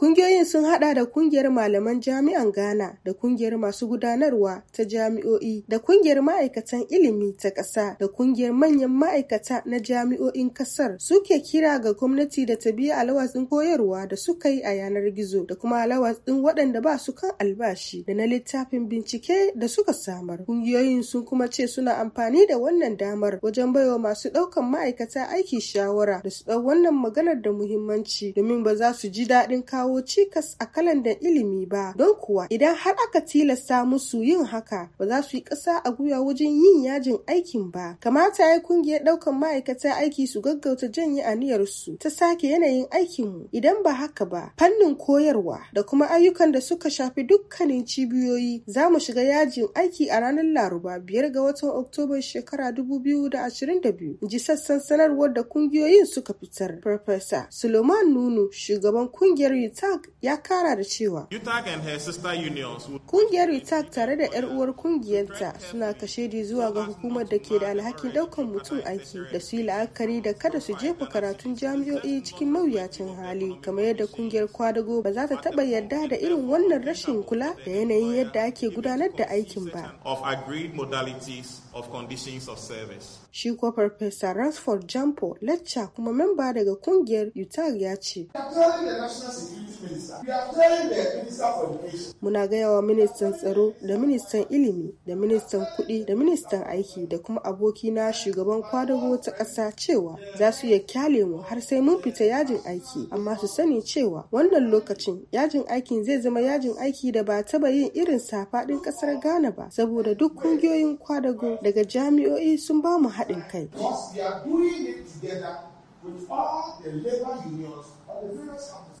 Ƙungiyoyin sun haɗa da kungiyar Malaman Jami'an Ghana da Ƙungiyar Masu Gudanarwa ta Jami'o'i da Ƙungiyar Ma'aikatan Ilimi ta Ƙasa da Ƙungiyar Manyan Ma'aikata na Jami'o'in Ƙasar suke kira ga gwamnati da ta biya alawatsin koyarwa da suka yi a yanar gizo da kuma alawatsin waɗanda ba su kan albashi da na littafin bincike da suka samar. Ƙungiyoyin sun kuma ce suna amfani da wannan damar wajen baiwa masu ɗaukan ma'aikata aiki shawara da su ɗau wannan maganar da muhimmanci domin ba za su ji daɗin kawo kawo cikas a kalandar ilimi ba don kuwa idan har aka tilasta musu yin haka ba za su yi ƙasa a gwiwa wajen yin yajin aikin ba kamata ya kungiyar ɗaukan ma'aikata aiki su gaggauta janye su ta sake yanayin aikin mu idan ba haka ba fannin koyarwa da kuma ayyukan da suka shafi dukkanin cibiyoyi za mu shiga yajin aiki a ranar laruba biyar ga watan oktoba shekara dubu biyu da da ashirin in ji sassan sanarwar da kungiyoyin suka fitar profesa suleiman nunu shugaban kungiyar tag ya kara da cewa kungiyar ritag tare da 'yar uwar kungiyarta suna kashedi zuwa ga hukumar da ke da alhakin daukan mutum aiki da su yi la'akari da kada su jefa karatun jami'o'i cikin mawuyacin hali kamar yadda kungiyar kwadago ba za ta taba yarda da irin wannan rashin kula da yanayin yadda ake gudanar da aikin ba shi kuwa farfesa ransford jampo lacca kuma memba daga kungiyar utah ya ce Muna gaya wa ministan tsaro da ministan ilimi da ministan kuɗi da ministan aiki da kuma abokina shugaban kwadago ta ƙasa cewa za su iya kyale mu har sai mun fita yajin aiki amma su sani cewa wannan lokacin yajin aikin zai zama yajin aiki da ba taba yin irin safaɗin faɗin ƙasar Ghana ba saboda duk kungiyoyin kwadago daga jami'o'i sun ba mu haɗin kai.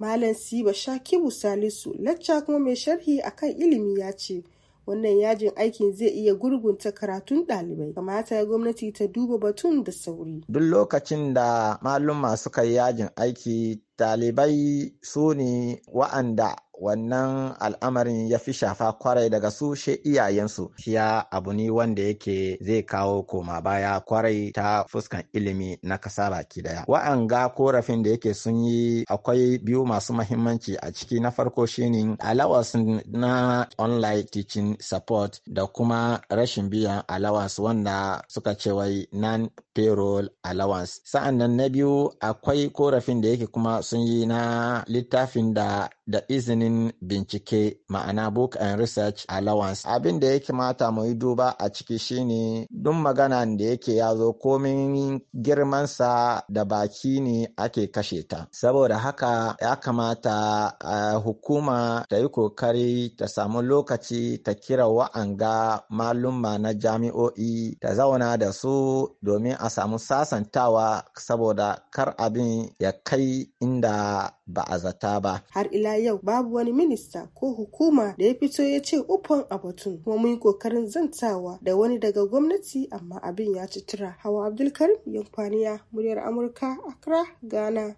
Malam Siba Shakibu Salisu, lacca kuma mai sharhi akan ilimi ya ce, wannan yajin aikin zai iya gurgunta karatun ɗalibai kamata gwamnati ta duba batun da sauri duk lokacin da maluma suka yi yajin aiki ɗalibai su ne wa'anda wannan al'amarin ya fi shafa kwarai daga su she iyayensu ya abu ne wanda yake zai kawo koma baya kwarai ta fuskan ilimi na kasa baki daya wa'anga korafin da yake sun yi akwai biyu masu mahimmanci a ciki na farko shine Alawas na online teaching support da kuma rashin biyan allowance wanda suka ce wai nan. payroll allowance nan na biyu akwai korafin da yake kuma sun yi na littafin da da izinin bincike ma'ana book and research allowance abin da ya mata mu yi duba a ciki shine duk magana da yake ya zo komin girmansa da baki ne ake kashe ta saboda haka ya kamata uh, hukuma ta yi kokari ta samu lokaci ta kira wa'anga malumma na jami'o'i ta zauna da su domin a samu sasantawa saboda kar abin ya kai inda ba a zata ba. Har ila yau babu wani minista ko hukuma da ya fito ya ce ufan a batun kuma mun yi kokarin zantawa da wani daga gwamnati amma abin ya ci tura. Hawa Abdulkarim Yankwaniya muryar Amurka Accra Ghana.